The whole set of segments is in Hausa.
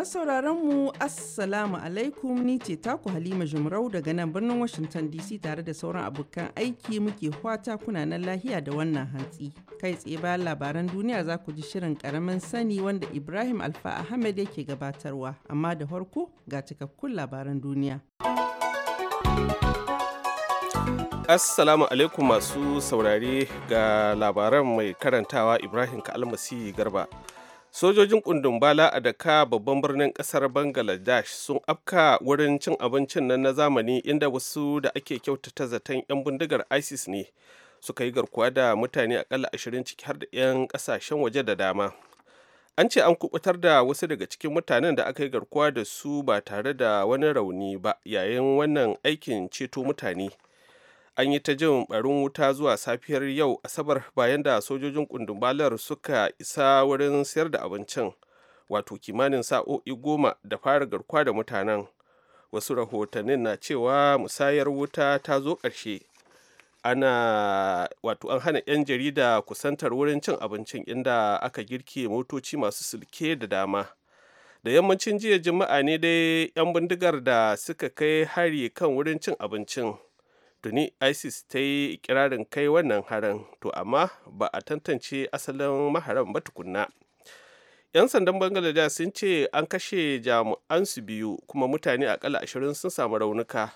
Masu sauraron mu Assalamu alaikum ni ce taku Halima Jumrau daga nan birnin Washington DC tare da sauran abokan aiki muke fata kuna nan lahiya da wannan hantsi. Kai tsaye bayan labaran duniya za ku ji shirin karamin sani wanda Ibrahim Alfa Ahmed yake gabatarwa amma da farko ga cikakkun labaran duniya. Assalamu alaikum masu saurare ga labaran mai karantawa Ibrahim Ka'almasi Garba. sojojin kundin bala a daka babban birnin kasar bangladesh sun afka wurin cin abincin nan na zamani inda wasu da ake kyautata zaton 'yan bindigar isis ne suka yi garkuwa da mutane akalla ashirin ciki har da 'yan kasashen waje da dama an ce an kubutar da wasu daga cikin mutanen da aka yi garkuwa da su ba tare da wani rauni ba yayin wannan aikin ceto mutane an yi ta jin barin wuta zuwa safiyar yau asabar bayan da sojojin kundumbalar suka isa wurin sayar da abincin wato kimanin sa'o'i goma da fara garkuwa da mutanen wasu rahotannin na cewa musayar wuta ta zo ƙarshe ana wato an hana 'yan jarida kusantar wurin cin abincin inda aka girke motoci masu sulke da dama da yammacin jiya juma'a ne dai 'yan bindigar da suka kai hari kan wurin cin abincin tuni isis ta yi ikirarin kai wannan harin to amma ba a tantance asalin maharan ba tukunna 'yan sandan bangladesh sun ce an kashe jami'an su biyu kuma mutane akalla ashirin sun samu raunuka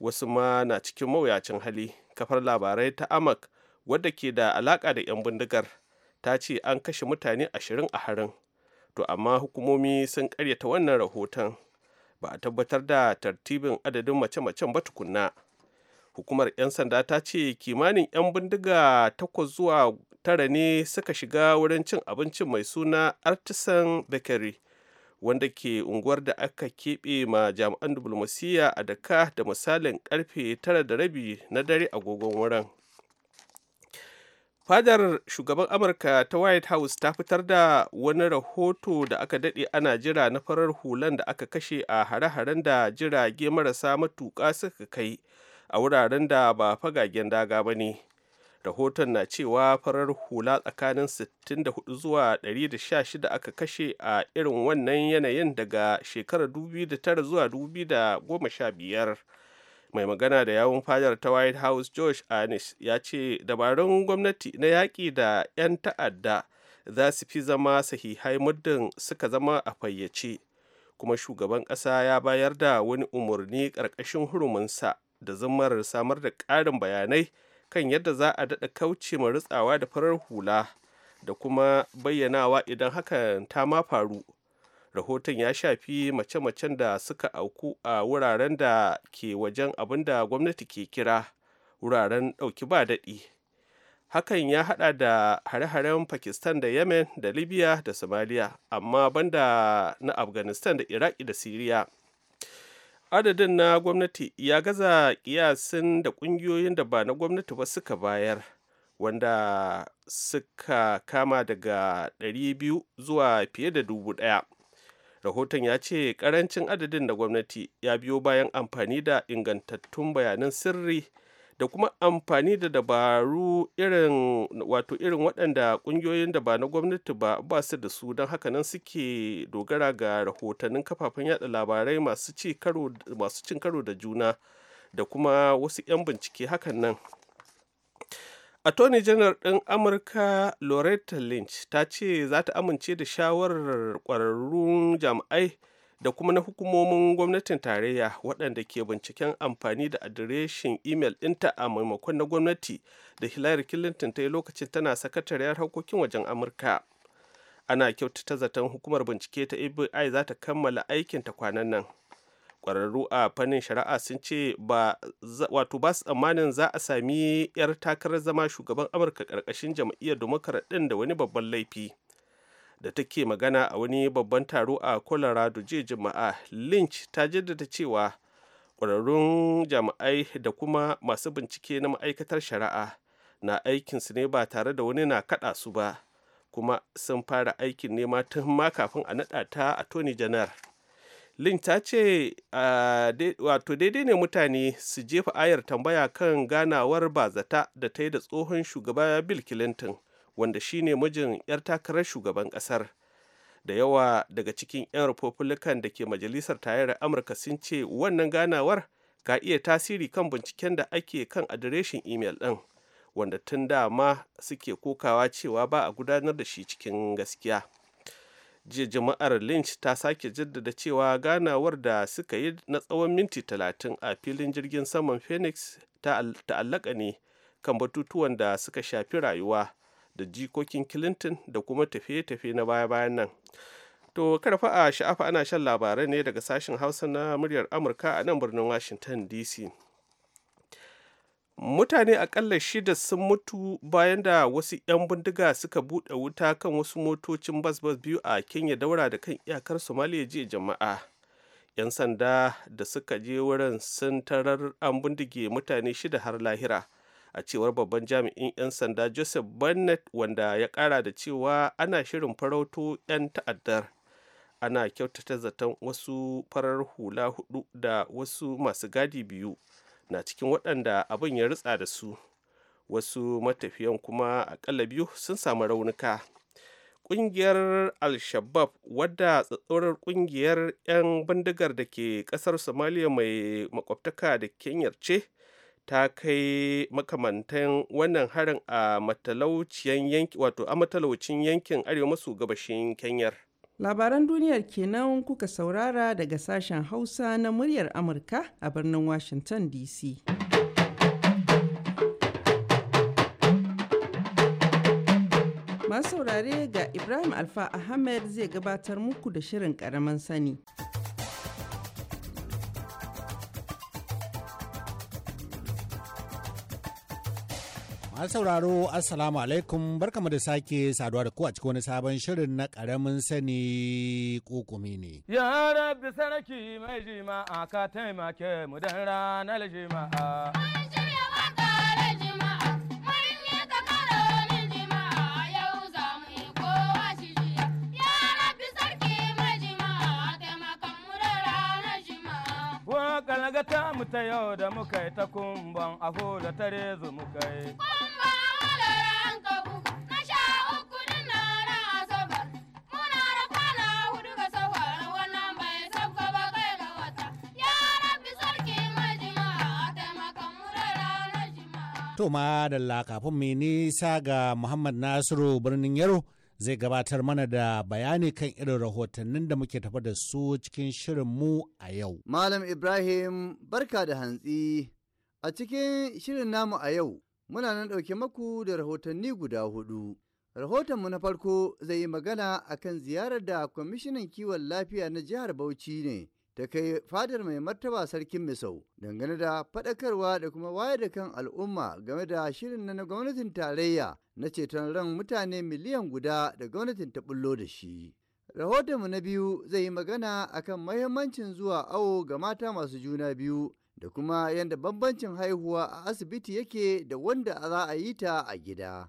wasu ma na cikin mawuyacin hali kafar labarai ta amak wadda ke da alaka da 'yan bindigar ta ce an kashe mutane ashirin a harin to amma hukumomi sun karyata wannan rahoton ba a tabbatar da tartibin adadin mace-macen ba tukunna. hukumar 'yan sanda ta ce kimanin 'yan bindiga takwas zuwa tara ne suka shiga wurin cin abincin mai suna artisan bakery wanda ke unguwar da aka keɓe ma jami'an diplomasiyya a daka da misalin karfe tara da rabi na dare agogon wurin fadar shugaban amurka ta white house ta fitar da wani rahoto da aka daɗe ana jira na farar hulan da aka kashe a hare-haren da jirage marasa matuƙa suka kai a wuraren da ba fagagen daga ba ne rahoton na cewa farar hula tsakanin 64 zuwa 116 aka kashe a irin wannan yanayin daga shekarar 2009 zuwa 2015 mai magana da yawun fadar ta white house josh anis ya ce dabarun gwamnati na yaƙi da 'yan ta'adda za su fi zama sahihai muddin suka zama a fayyace kuma shugaban ƙasa ya bayar da wani umarni ƙarƙashin hurumunsa da zammarar samar da ƙarin bayanai kan yadda za a daɗa kauce ma ritsawa da farar hula da kuma bayyanawa idan hakan ta ma faru rahoton ya shafi mace-macen da suka auku a wuraren da ke wajen abin da gwamnati ke kira wuraren ɗauki ba daɗi hakan ya haɗa da hare-haren pakistan da yemen da libya da somalia amma banda na afghanistan da iraki da siriya adadin na gwamnati ya gaza kiyasin da ƙungiyoyin da ba na gwamnati ba suka bayar wanda suka kama daga 200 zuwa fiye da dubu ɗaya. rahoton ya ce karancin adadin da gwamnati ya biyo bayan amfani da ingantattun bayanan sirri da kuma amfani da dabaru irin wato irin waɗanda ƙungiyoyin da ba na gwamnati ba ba su da su don haka nan suke dogara ga rahotannin kafafen yada labarai masu cin karo da juna da kuma wasu 'yan bincike hakan nan attorney general ɗin amurka loretta lynch ta ce za ta amince da shawarar ƙwararrun jami'ai da kuma na hukumomin gwamnatin tarayya waɗanda ke binciken amfani da adireshin imel ɗinta a maimakon na gwamnati da hillary clinton ta yi lokacin tana sakatariyar harkokin wajen amurka ana kyautata zaton hukumar bincike ta fbi za ta kammala ta kwanan nan ƙwararru a fannin shari'a sun ce ba wato ba su tsammanin za a sami 'yar takarar zama shugaban amurka ƙarƙashin jam'iyyar dimokrat da wani babban laifi da take magana a wani babban taro a colorado jiya juma'a lynch ta jaddada cewa ƙwararrun jami'ai da kuma masu bincike na ma'aikatar shari'a na aikinsu ne ba tare da wani na kaɗa su ba kuma sun fara aikin nema tun ma kafin a naɗa ta a tony janar lynch ta ce wato daidai ne mutane su jefa ayar tambaya kan ganawar bazata da ta yi da tsohon shugaba bill clinton wanda shine mijin 'yar takarar shugaban ƙasar da yawa daga cikin 'yan republican da ke majalisar tayar amurka sun ce wannan ganawar ka iya tasiri kan binciken da ake kan adireshin imel ɗin wanda tun da ma suke kokawa cewa ba a gudanar da shi cikin gaskiya jiya jama'ar lynch ta sake jaddada cewa ganawar da suka yi na tsawon minti talatin a filin jirgin saman phoenix ta'allaka ne kan batutuwan da suka shafi rayuwa da jikokin clinton da kuma tafiye-tafiye na baya-bayan nan to karfa a sha'afa ana shan labarai ne daga sashen hausa na muryar amurka a nan birnin washington dc mutane akalla shida sun mutu bayan da wasu 'yan bindiga suka buɗe wuta kan wasu motocin bas-bas biyu a kenya daura da kan iyakar somaliya jiya jama'a 'yan sanda da suka je wurin sun tarar an bindige mutane shida har lahira a cewar babban jami'in 'yan sanda joseph barnett wanda ya kara da cewa ana shirin farauto 'yan ta'addar ana kyautata zaton wasu farar hula hudu da wasu masu gadi biyu na cikin waɗanda abin ya ritsa da su wasu matafiyan kuma akalla biyu sun samu raunuka ƙungiyar al-shabab wadda tsatsorar ƙungiyar 'yan bindigar da ke ƙasar Somalia mai makwabtaka da kenyar ce ta kai makamantan wannan harin a matalauciyan yankin wato a matalaucin yankin arewa maso gabashin kenyar labaran duniyar kenan kuka saurara daga sashen hausa na muryar amurka a birnin washington dc masu saurare ga ibrahim alfa ahmed zai gabatar muku da shirin karamin sani a sauraro Assalamu alaikum barkamu da sake saduwa da ku a cikin wani sabon shirin na karamin sani kokumi ne. Ya rabbi sarki mai a ka taimake mu dan ranar jima'a. Kalagata mu ta yau da muka yi ta kumban da tare zu muka yi. To madalla kafin mai nisa ga Muhammad Nasiru birnin Yaro zai gabatar mana da bayani kan irin rahotannin da muke tafa da su cikin shirin mu a yau. Malam Ibrahim barka da hantsi a cikin shirin namu a yau muna nan ɗauke maku da rahotanni guda hudu. Rahotonmu na farko zai yi magana akan ziyarar da kwamishinan kiwon lafiya na jihar Bauchi ne. ta kai fadar mai martaba sarkin Misau dangane da faɗakarwa da kuma wayar da kan al'umma game da shirin na gwamnatin tarayya na ceton ran mutane miliyan guda da gwamnatin ta bullo da shi. Rahotonmu na biyu zai yi magana akan mahimmancin zuwa awo ga mata masu juna biyu da kuma yadda bambancin haihuwa a asibiti yake da wanda za a yi ta a gida.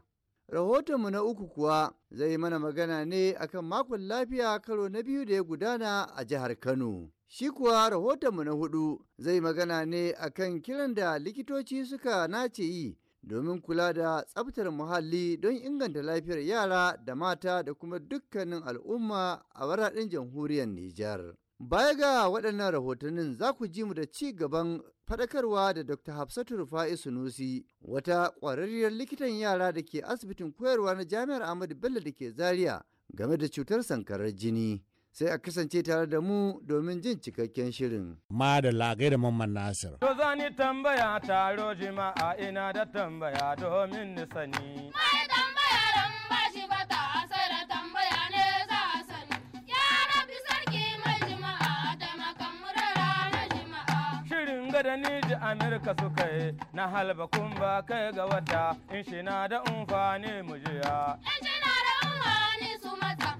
Rahotonmu na uku kuwa zai yi mana magana ne akan makon lafiya karo na biyu da ya gudana a jihar Kano. Shi kuwa rahotonmu na hudu zai magana ne akan kiran da likitoci suka nace yi domin kula da tsabtar muhalli don inganta lafiyar yara da mata da kuma dukkanin al'umma a waraɗin jamhuriyar Nijar. Baya ga waɗannan rahotannin za ku ji mu da ci gaban faɗakarwa da Dr. Hafsatu Rufa'i Sunusi, wata ƙwararriyar likitan yara da ke asibitin koyarwa na Jami'ar Ahmadu Bello da ke Zaria game da cutar sankarar jini. sai a kasance tare da mu domin jin cikakken shirin. Ma da lagai da Mamman Nasir. To zani tambaya taro jima'a ina da tambaya domin ni sani. Mai tambaya don ba shi ba ta da tambaya ne za a sani. Ya rabi sarki mai jima'a da murara ranar jima'a. Shirin gada ni ji Amerika suka yi na halba ba kai ga wata in shi na da umfani mu jiya. In shi na da umfani su mata.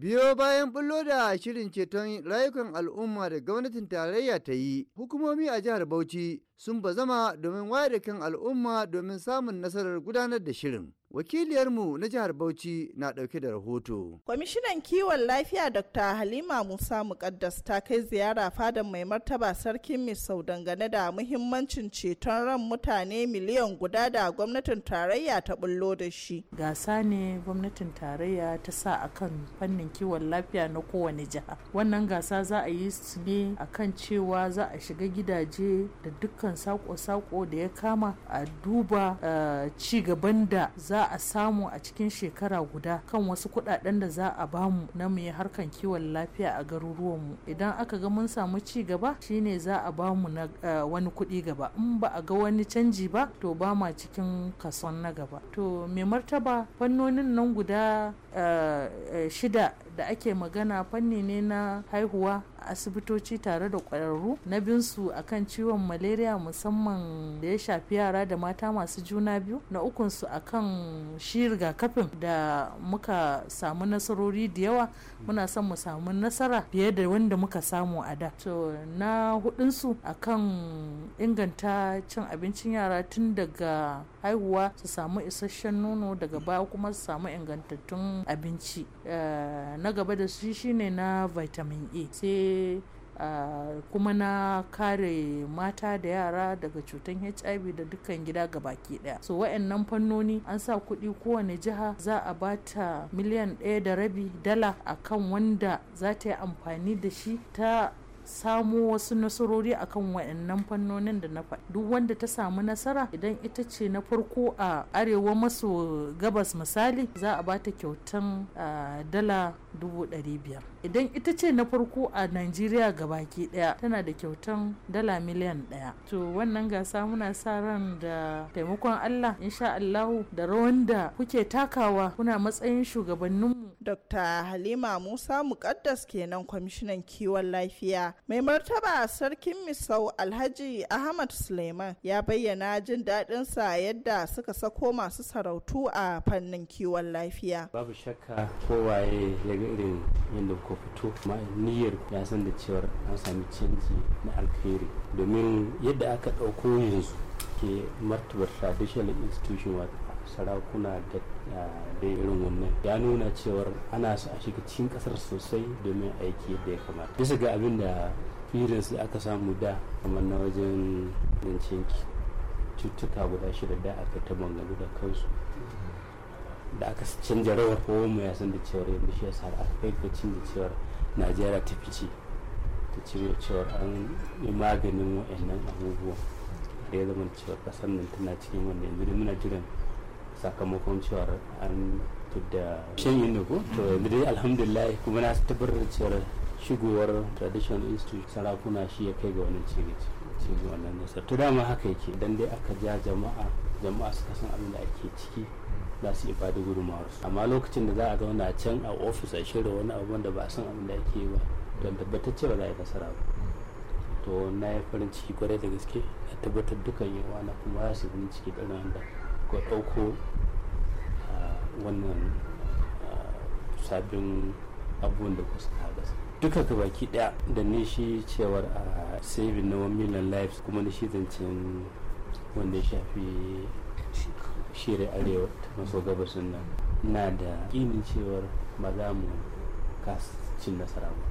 Biyo bayan bullo da shirin ceton rayukan al'umma da gwamnatin tarayya ta yi, hukumomi a jihar Bauchi sun bazama domin wayar da kan al'umma domin samun nasarar gudanar da shirin. Wakiliyarmu na jihar Bauchi na ɗauke da rahoto. Kwamishinan kiwon lafiya Dr. Halima Musa Mukaddas ta kai ziyara fadan mai martaba sarkin Misau dangane da muhimmancin ceton ran mutane miliyan guda da gwamnatin tarayya ta bullo da shi. Gasa ne gwamnatin tarayya ta sa a kan fannin kiwon lafiya na kowane jiha. Wannan gasa za a yi su ne a kan cewa za a shiga gidaje da dukkan sako-sako da ya kama a duba eh, ci gaban da za za a samu a cikin shekara guda kan wasu kuɗaɗen da za a bamu na mu yi harkan kiwon lafiya a garuruwan mu idan aka ga mun samu ci gaba shine za a bamu na eh, wani kuɗi gaba in ba a ga wani canji ba to ba ma cikin kason na gaba to mai martaba fannonin nan guda eh, eh, shida da ake magana fanni ne na haihuwa a asibitoci tare da kwararru. na binsu akan ciwon malaria musamman da ya shafi yara da mata masu juna biyu na ukunsu kan shi rigakafin da muka samu nasarori da yawa muna son mu samu nasara fiye da wanda muka samu a da to na hudunsu kan inganta cin abincin yara tun daga haihuwa su samu isasshen nono daga baya kuma su samu ingantattun abinci eh, na gaba da shi shine na vitamin a sai eh, kuma na kare mata da yara daga cutar hiv da dukkan gida ga baki daya so wa'annan fannoni an sa kuɗi kowane jiha za a bata miliyan ɗaya da rabi dala akan wanda za ta yi amfani da shi ta samo wasu nasarori akan waɗannan fannonin da na faɗi duk wanda ta samu nasara idan ita ce na farko a arewa maso gabas misali za a bata kyautan dala dubu ɗari biyar idan ita ce na farko a najeriya gabaki ɗaya tana da kyautan dala miliyan ɗaya to wannan gasa muna sa ran da taimakon allah insha allahu da rawan da kuke takawa kuna matsayin shugabanninmu dr halima musa mukaddas kenan kwamishinan kiwon lafiya mai martaba sarkin misau alhaji ahmad suleiman ya bayyana jin daɗin sa yadda suka sako masu sarautu a fannin kiwon lafiya babu shakka kowaye ya ga irin yadda ku fito ma niyyar ya san da cewar an sami canji na alkhairi domin yadda aka ɗauko yanzu ke martabar traditional institution wata. sarakuna da irin wannan ya nuna cewar ana su a shiga cikin kasar sosai domin aiki da ya kamata bisa ga abin da firin su aka samu da kamar na wajen yancin cututtuka guda shida da aka ta bangalu da kansu da aka canja rawar ko mu ya san da cewar yanzu shi yasa aka kai ga cin da cewar najeriya ta fice ta cewar an yi maganin wa'annan abubuwa da ya zama cewar kasar nan tana cikin wannan yanzu da muna jiran sakamakon cewar an tudda shan yin ko to yanzu dai alhamdulillah kuma na tabbatar cewar shigowar traditional institute sarakuna shi ya kai ga wannan cire cire wannan nasar to dama haka yake dan dai aka ja jama'a jama'a suka san abin da ake ciki za su iya da gudunmawar su amma lokacin da za a zauna a can a ofis a shirya wani abu da ba a san abin da ake ba don tabbatar cewa za a yi nasara ba to na yi farin ciki kwarai da gaske a tabbatar dukkan yawa na kuma za su yi farin ciki ɗan wanda ga ɗauko wannan sabbin abubuwan da kusa hadas duka ga baki daya da ne shi cewar a saving na 1 million lives kuma na shi zancen wanda shafi shirya arewa ta maso gabasin nan na da ginin cewar ba za mu cin nasara ba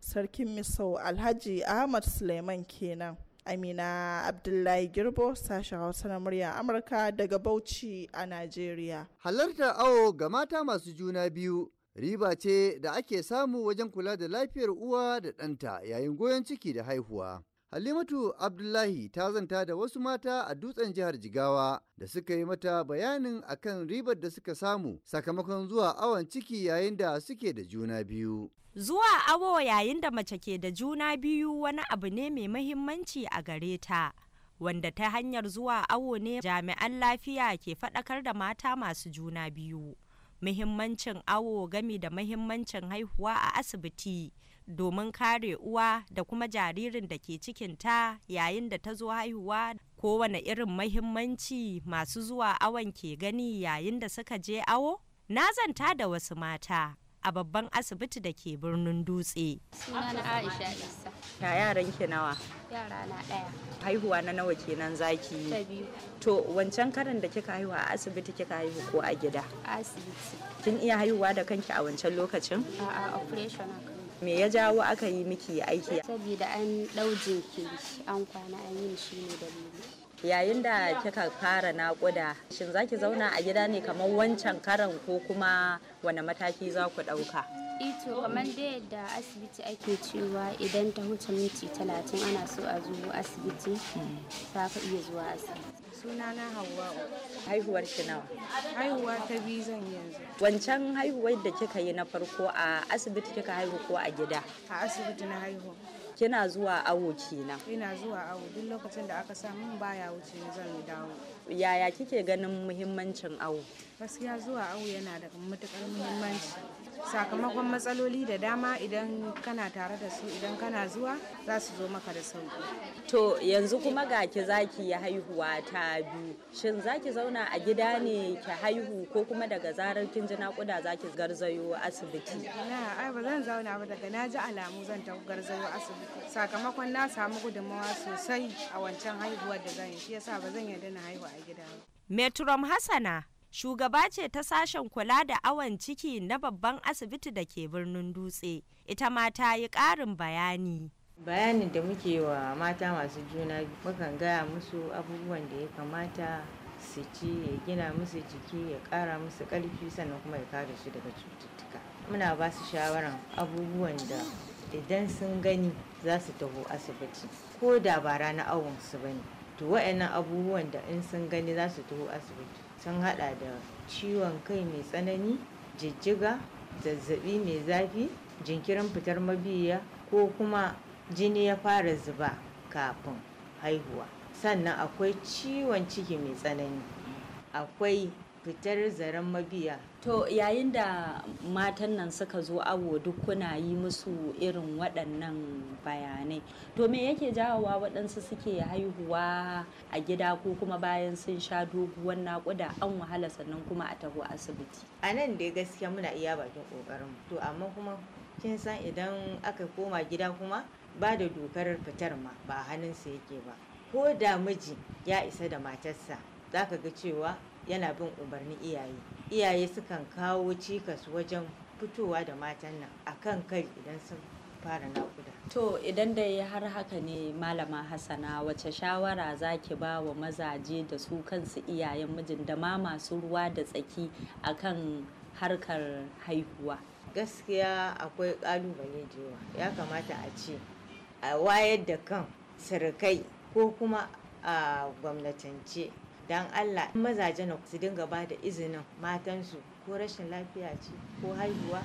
sarkin misau alhaji ahmad suleiman kenan Amina Abdullahi Girbo sashen Hausa na murya Amurka daga Bauchi a Najeriya. Halartar awo ga mata masu juna biyu riba ce da ake samu wajen kula da lafiyar uwa da ɗanta yayin goyon ciki da haihuwa. Halimatu Abdullahi ta zanta da wasu mata a dutsen jihar Jigawa da suka yi mata bayanin akan ribar da suka samu sakamakon zuwa awon ciki yayin da suke da juna biyu. Zuwa awo yayin da mace ke da juna biyu wani abu ne mai mahimmanci a gare ta. Wanda ta hanyar zuwa awo ne jami'an lafiya ke faɗakar da mata masu juna biyu. muhimmancin awo gami da muhimmancin haihuwa a asibiti domin kare uwa da kuma jaririn da ke cikinta yayin da ta zo haihuwa kowane irin muhimmanci masu zuwa awon ke gani yayin da suka je awo? Na zanta da wasu mata. a babban asibiti da ke birnin dutse. Sunana Aisha Isa. Ya yaran ki nawa? Yara na ɗaya. Haihuwa na nawa kenan zaki? Ta biyu. To wancan karin da kika haihuwa a asibiti kika haihu ko a gida? Asibiti. Kin iya haihuwa da kanki a wancan lokacin? A'a operation aka. me ya jawo aka yi miki aiki saboda an ɗau jinkiri an kwana an yi shi ne dalili yayin da kika fara naƙuda shin za ki zauna a gida ne kamar wancan karan ko kuma wani mataki za ku ɗauka ito eh kamar da yadda asibiti ake cewa idan ta huce minti talatin ana so a zo asibiti ta ka iya zuwa asibiti Suna na hawa haihuwar ki nawa haihuwa ta biyu zan yanzu wancan haihuwar da kika yi na farko a asibiti kika haihu ko a gida a asibiti na haihu kina zuwa awo kenan ina zuwa awo duk lokacin da aka samu baya wuce zan dawo yaya kike ganin muhimmancin awo gaskiya zuwa awu yana da matukar muhimmanci sakamakon matsaloli da dama idan kana tare da su idan kana zuwa za su zo maka da sauki to yanzu kuma ga ki zaki ya haihuwa ta biyu shin zaki zauna a gida ne ki haihu ko kuma daga zarar kin ji nakuda zaki garzayo asibiti na ai ba zan zauna ba daga na ji alamu zan ta garzayo asibiti sakamakon na samu gudunmawa sosai a wancan haihuwar da zan yi shi yasa ba zan yarda na haihu a gida ba Metrom Hassana shugaba ce ta sashen kula da awon ciki na babban asibiti da ke birnin dutse ita ma ta yi ƙarin bayani bayanin da muke wa mata masu juna mukan gaya musu abubuwan da ya kamata su ci ya gina musu jiki ya kara musu ƙarfi sannan kuma ya kare shi daga cututtuka muna ba su shawaran abubuwan da idan sun gani za su taho asibiti ko da ba ranar awon su bane to wa'annan abubuwan da in sun gani za su taho asibiti sun haɗa da ciwon kai mai tsanani jijjiga zazzabi mai zafi jinkirin fitar mabiya ko kuma jini ya fara zuba kafin haihuwa sannan akwai ciwon ciki mai tsanani akwai fitar zaren mabiya to yayin da matan nan suka zo awo duk kuna yi musu irin waɗannan bayanai to me yake jawowa waɗansu suke haihuwa a gida ko kuma bayan sun sha doguwar naƙuda an wahala sannan kuma a taho asibiti a nan dai gaskiya muna iya bakin ƙoƙarin to amma kuma kin san idan aka koma gida kuma ba da dokar fitar ma ba hannunsa yake ba ko da miji ya isa da matarsa za ka ga cewa yana bin umarnin iyaye iyaye sukan kawo cikas wajen fitowa da matan nan a kan kai idan sun fara nakuda to idan dai har haka ne malama hasana wace shawara za ki ba wa mazaje da su kansu iyayen mijin da ma masu ruwa da tsaki a kan harkar haihuwa gaskiya akwai kalubale da yawa ya kamata a ce a wayar da kan sirikai ko kuma a gwamnatance Don Allah mazajen su dinga ba da izinin matansu ko rashin lafiya ce ko haihuwa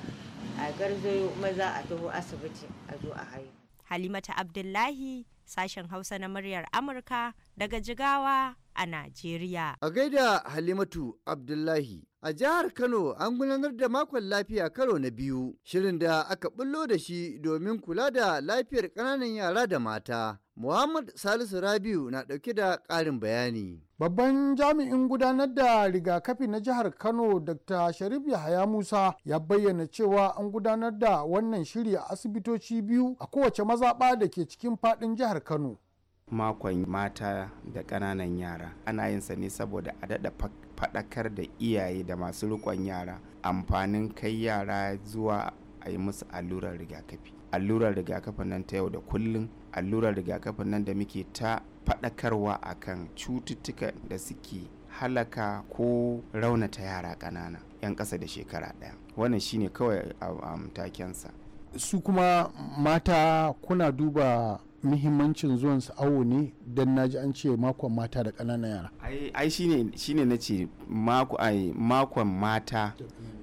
a garzayo maza a taho asibiti a zo a haihu. Halimata Abdullahi sashen Hausa na muryar Amurka daga Jigawa a Najeriya. A gaida Halimatu Abdullahi. A jihar Kano an gudanar da makon lafiya karo na biyu, shirin da aka bullo da shi domin kula da lafiyar ƙananan yara da mata, Muhammad Salisu Rabiu na ɗauke da ƙarin bayani. Babban jami'in gudanar da rigakafi na jihar Kano Dr. Sharif Yahaya Musa ya bayyana cewa an gudanar da wannan shiri a asibitoci biyu a kowace mazaɓa da ke cikin faɗin jihar Kano. Makon mata da ƙananan yara ana yin sa ne saboda a daɗa faɗakar da iyaye da masu riƙon yara amfanin kai yara zuwa a yi musu allurar rigakafi. Allurar rigakafin nan ta yau da kullum allurar rigakafin nan da muke ta faɗakarwa a kan cututtuka da suke halaka ko raunata yara ƙanana 'yan ƙasa da shekara ɗaya wannan shine kawai a matakensa. su kuma mata kuna duba muhimmancin zuwan su awo ne don na ji an ce makon mata da ƙananan yara ai shi shine na ce makon mata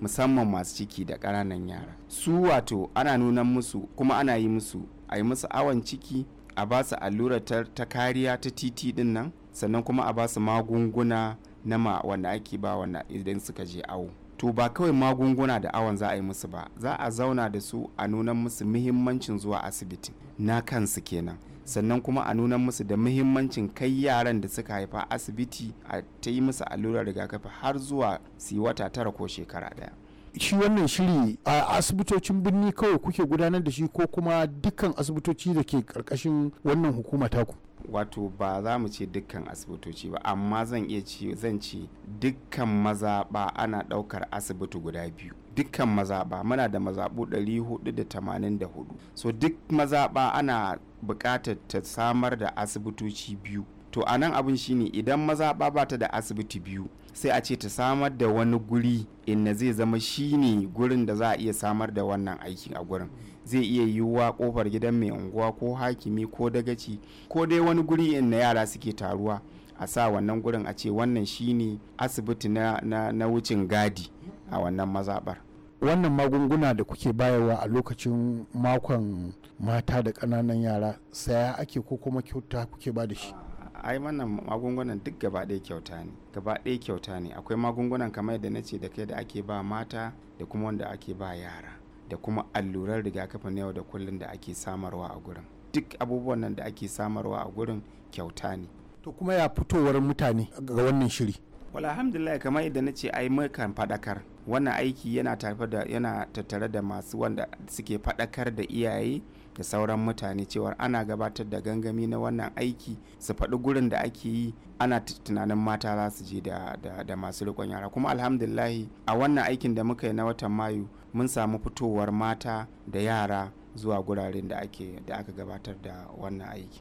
musamman masu ciki da ƙananan yara su wato ana nuna musu kuma ana yi musu a yi musu awon ciki a ba su allurar ta kariya ta titi din nan sannan kuma a ba su magunguna na ma wanda ake ba wanda idan suka je awo to ba kawai magunguna da awon za a yi musu ba za a zauna da su a nuna musu muhimmancin zuwa asibiti na kansu kenan sannan kuma a nuna musu da muhimmancin kai yaran da suka haifa asibiti a ta yi musu allurar rigakafi har zuwa su yi wata tara ko shekara daya shi wannan shiri a asibitocin birni kawai kuke gudanar da shi ko kuma dukkan asibitoci da ke karkashin wannan hukuma taku wato ba za mu ce dukkan asibitoci ba amma zan iya ce zan ce dukkan mazaɓa ana ɗaukar asibiti guda biyu dukkan mazaɓa muna da mazaɓu 484 so duk mazaɓa ana buƙatar ta samar da asibitoci biyu to a nan abin shine idan maza ba ta da asibiti biyu sai a ce ta samar da wani guri inda zai zama shine gurin da za a iya samar da wannan aikin a gurin zai iya yiwuwa kofar gidan mai unguwa ko hakimi ko dagaci ko dai wani guri inda yara suke taruwa a sa wannan gurin a ce wannan shine asibiti na, na, na wucin gadi a wannan mazabar wannan magunguna da kuke bayarwa a lokacin makon mata da ƙananan yara saya ake ko kuma kyauta kuke ba da shi ai wannan magungunan duk gaba ɗaya kyauta ne gaba ɗaya kyauta ne akwai magungunan kamar yadda na ce da kai da ake ba mata da kuma wanda ake ba yara da kuma allurar rigakafin na yau da kullum da ake samarwa a gurin duk abubuwan nan da ake samarwa a gurin kyauta ne to kuma ya fitowar mutane ga wannan shiri wala alhamdulillah kamar yadda na ce ai mukan faɗakar wannan aiki yana da yana tattare da masu wanda suke faɗakar da iyaye da sauran mutane cewar ana gabatar da gangami na wannan aiki su faɗi gurin da ake yi ana tunanin mata za su je da masu riƙon yara kuma alhamdulillahi a wannan aikin da muka yi na watan mayu mun samu fitowar mata da yara zuwa guraren da ake da aka gabatar da wannan aiki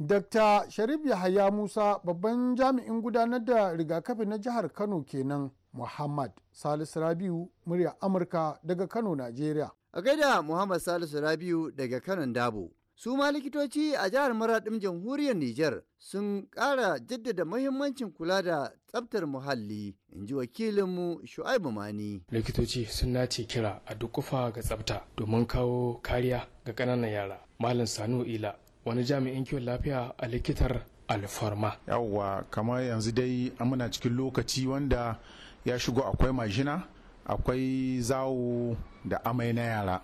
Dr. Sharif Yahaya Musa babban jami'in gudanar da rigakafi na jihar Kano kenan Muhammad Salisu Rabiu murya Amurka daga Kano, Najeriya. A gaida Muhammad Salisu Rabiu daga Kanon Dabo. Su ma likitoci a jihar Maraɗin jamhuriyar Nijar sun ƙara jaddada muhimmancin kula da tsabtar muhalli, in ji wakilinmu Shu'aibu Mani. Likitoci sun nace kira a dukufa ga tsafta domin kawo kariya ga ƙananan yara. Malam Sanu Ila, wani jami'in kiwon lafiya a likitar alfarma. Yawwa kamar yanzu dai muna cikin lokaci wanda ya shigo akwai majina akwai zawo da amai na yara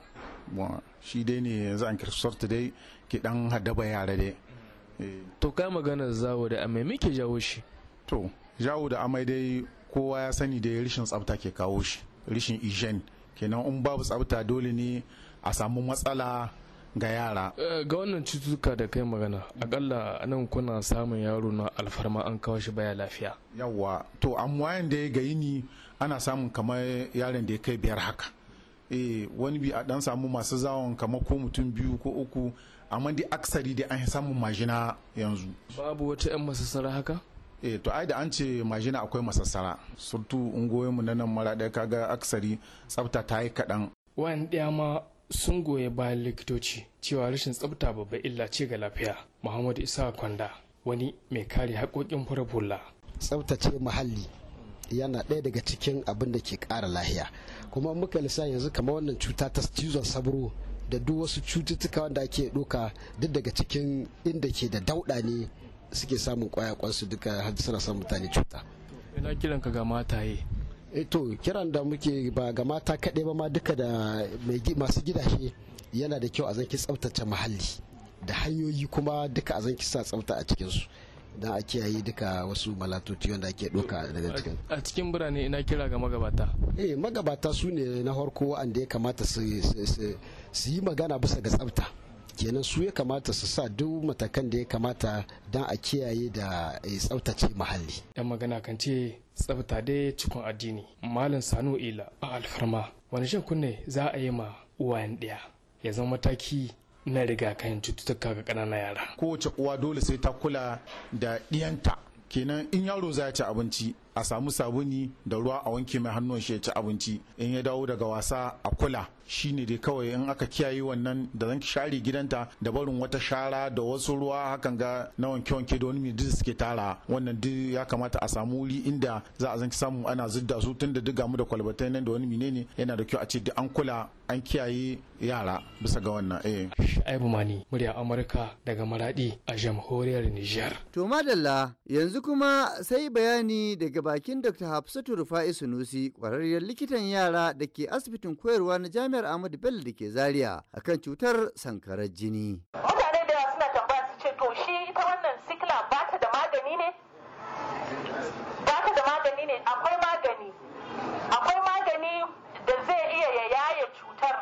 shi dai ne yanzu an kirsorta dai ke dan haddaba yara dai eh. to ka magana zawo da amai muke jawo shi to jawo da amai dai kowa ya sani dai rishin tsafta ke kawo shi rishin ijen kenan in babu tsafta dole ne a samu matsala ga yara eh, ga wannan cututtuka da kai magana akalla nan kuna samun yaro na alfarma an kawo shi baya lafiya yawa to amma da ya gayi ni ana samun kamar yaron da ya kai biyar haka eh wani bi a dan samu masu zawon kamar ko mutum biyu ko uku amma dai aksari dai an samun majina yanzu babu wata yan masassara haka eh to ai da an ce majina akwai masassara surtu ungoyinmu na nan mara ɗaya kaga aksari tsafta ta yi kaɗan wani ɗaya ma sun goya bayan likitoci cewa rashin tsabta babba illa ce ga lafiya muhammadu isa kwanda wani mai kare haƙoƙin farafulla tsabtace muhalli yana ɗaya daga cikin abin da ke ƙara lahiya kuma muka lissa yanzu kamar wannan cuta ta cizon sabro da duk wasu cututtuka wanda ake ɗoka duk daga cikin inda ke da dauɗa ne suke samun kwayakwansu duka har suna samun mutane cuta ina kiran ka ga mataye Eh, to kiran da muke ba ga mata kaɗai ba ma duka da masu gidashe yana da kyau a zanki tsaftace muhalli da hanyoyi kuma duka a zanki sa tsafta a cikinsu don a kiyaye duka wasu malatoti wanda ake doka daga cikin a cikin birane ina kira ga magabata eh magabata su ne na farko wa'anda ya kamata su yi magana bisa ga tsabta kenan su ya kamata su sa duk matakan da ya kamata don a kiyaye da eh, tsaftace muhalli yan magana kan ce tsafta dai cikin addini malam sanu ila a alfarma wani shan kunne za a yi ma uwayen ɗaya ya zama mataki na riga kan cututtuka ga ƙananan yara kowace uwa dole sai ta kula da ɗiyanta kenan in yaro za ya ci abinci a samu sabuni da ruwa a wanke mai hannun shi ya ci abinci in ya dawo daga wasa a kula shine dai kawai in aka kiyaye wannan da zan share gidanta da barin wata shara da wasu ruwa hakan ga na wanke wanke da wani mai duk suke tara wannan duk ya kamata a samu wuri inda za a zanki samu ana zidda su tunda duk gamu da kwalbatai nan da wani ne yana da kyau a ce duk an kula an kiyaye yara bisa ga wannan eh Shaibu Mani murya Amurka daga Maradi a jamhuriyar Nijar to madalla yanzu kuma sai bayani daga bakin Dr. Hafsatu Rufa'i Sunusi kwararriyar likitan yara da ke asibitin koyarwa na jami'ar jami'ar Ahmadu Bello da ke Zaria akan cutar sankarar jini. Mutane da yawa suna tambaya su ce to shi ita wannan sikila ba ta da magani ne? Ba ta da magani ne akwai magani. Akwai magani da zai iya ya yaye cutar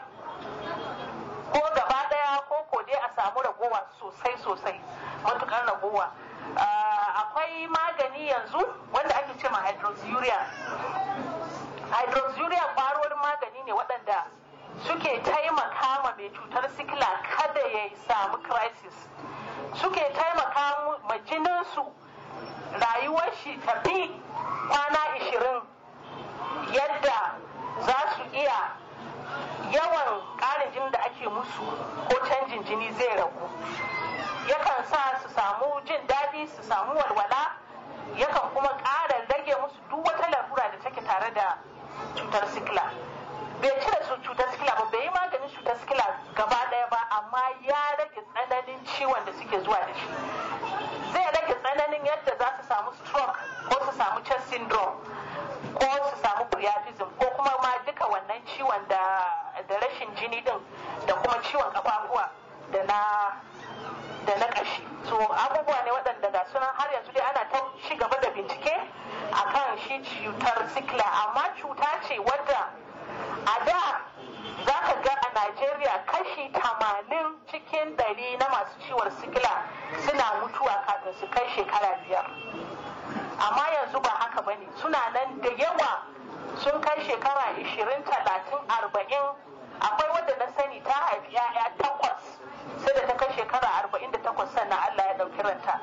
ko gaba daya ko ko dai a samu ragowa sosai sosai matukar ragowa. Ah, akwai magani yanzu wanda ake ce ma hydroxyurea hydroxyurea ƙwarorin magani ne waɗanda suke taimaka ma mai cutar sikila kada ya samu crisis suke taimaka ma jininsu rayuwar shi tafi kwana ashirin yadda za su iya yawan ƙarin jini da ake musu ko canjin jini zai ragu yakan sa su samu jin daɗi su samu walwala yakan kuma ƙara rage musu duk wata larura da take tare da cutar sikila bai cire su cutar sikila ba bai yi maganin cutar sikila gaba ɗaya ba amma ya rage tsananin ciwon da suke zuwa da shi zai rage tsananin yadda za su samu stroke ko su samu chest syndrome ko su samu priapism ko kuma ma duka wannan ciwon da rashin jini din da kuma ciwon kafafuwa da na da na ƙashi so abubuwa ne waɗanda ga sunan har yanzu dai ana ta ci gaba da bincike akan shi cutar sikila amma cuta ce wadda a da za ka ga a najeriya kashi tamanin cikin ɗari na masu ciwon sikila suna mutuwa kafin su kai shekara biyar amma yanzu ba haka bane suna nan da yawa sun kai shekara 20 30 40 akwai wadda na sani ta haifi 'ya'ya takwas sai da ta kai shekara arba'in da takwas sannan Allah ya ɗauki ranta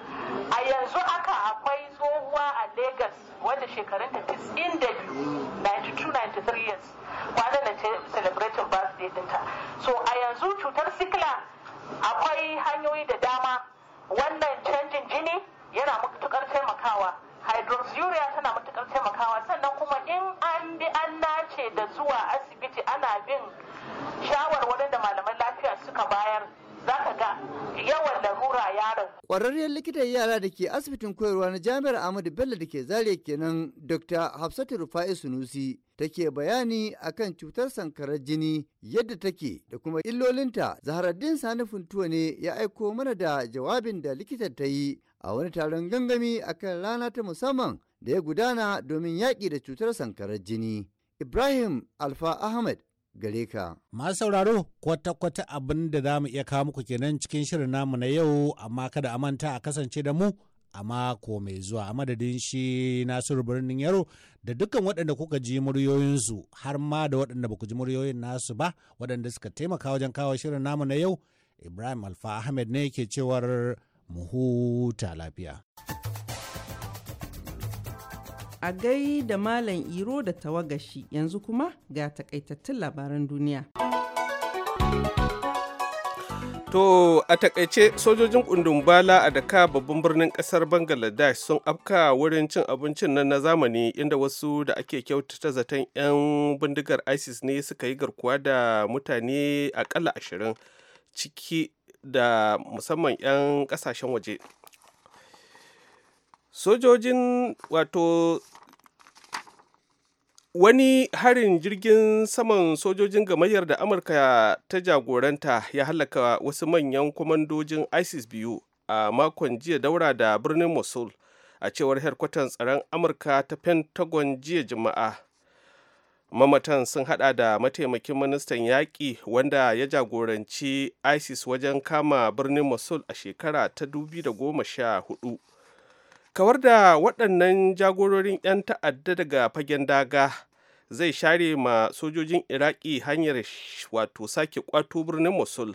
a yanzu aka akwai tsohuwa a Legas wanda shekarun ta tis'in da biyu 92-93 years kwanan da ce celebrating birthday dinta so a yanzu cutar sikila akwai hanyoyi da dama wannan canjin jini yana matuƙar taimakawa hydroxuria tana matuƙar taimakawa sannan kuma in an bi an nace da zuwa asibiti ana bin shawarwarin da malamai kwararriyar likitan yara da ke asibitin koyarwa na Jami'ar Ahmadu Bello da ke Zariya kenan Dr. Hafsatu Rufa'i Sunusi take bayani akan cutar sankarar jini yadda take da kuma illolinta. Zaharaddin Sani Funtuwa ne ya aiko mana da jawabin da likitan ta yi a wani taron gangami akan rana ta musamman da ya gudana domin yaƙi da cutar sankarar jini. Ibrahim Alfa Ahmed gare ka. Masu sauraro kwata-kwata abin da za mu iya kawo muku kenan cikin shirin namu na yau amma kada a manta a kasance da mu a mako mai zuwa a madadin shi nasiru birnin yaro da dukkan waɗanda kuka ji muryoyinsu har ma da waɗanda baku ji muryoyin nasu ba waɗanda suka taimaka wajen kawo shirin namu na yau ibrahim alfa ahmed ne ke cewar mu huta lafiya. a gai da Malam Iro da tawagashi yanzu kuma ga takaitattun labaran duniya. To a takaice sojojin kundin bala a daka babban birnin kasar Bangladesh sun afka wurin cin abincin nan na zamani inda wasu da ake kyautata zaton 'yan bindigar ISIS ne suka yi garkuwa da mutane akalla ashirin ciki da musamman 'yan kasashen waje. sojojin wato wani harin jirgin saman sojojin gamayyar da amurka ta jagoranta ya halaka wasu manyan kwamandojin isis biyu a makon jiya daura da birnin mosul a cewar herkwatan tsaron amurka ta pentagon jiya juma'a mamatan sun hada da mataimakin ministan yaƙi wanda ya jagoranci isis wajen kama birnin mosul a shekara ta 2014 kawar da waɗannan jagororin 'yan ta'adda daga fagen daga zai share ma sojojin iraki hanyar wato sake kwato birnin mosul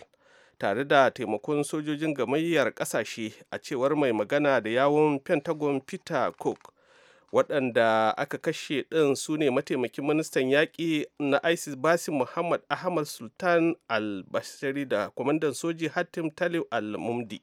tare da taimakon sojojin gamayyar ƙasashe a cewar mai magana da yawon pentagon peter cook waɗanda aka kashe ɗin su ne mataimakin ministan yaƙi na isis basin muhammad ahmad sultan al-bashiri da kwamandan soji hatim talib al-mumdi